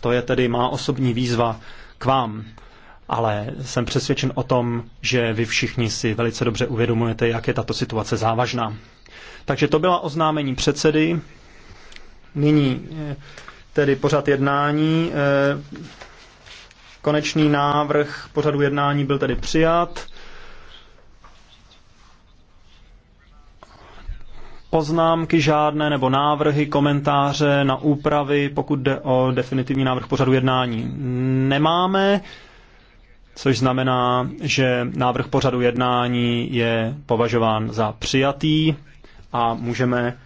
To je tedy má osobní výzva k vám, ale jsem přesvědčen o tom, že vy všichni si velice dobře uvědomujete, jak je tato situace závažná. Takže to byla oznámení předsedy. Nyní eh, tedy pořad jednání. Eh, konečný návrh pořadu jednání byl tedy přijat. poznámky žádné nebo návrhy, komentáře na úpravy, pokud jde o definitivní návrh pořadu jednání. Nemáme, což znamená, že návrh pořadu jednání je považován za přijatý a můžeme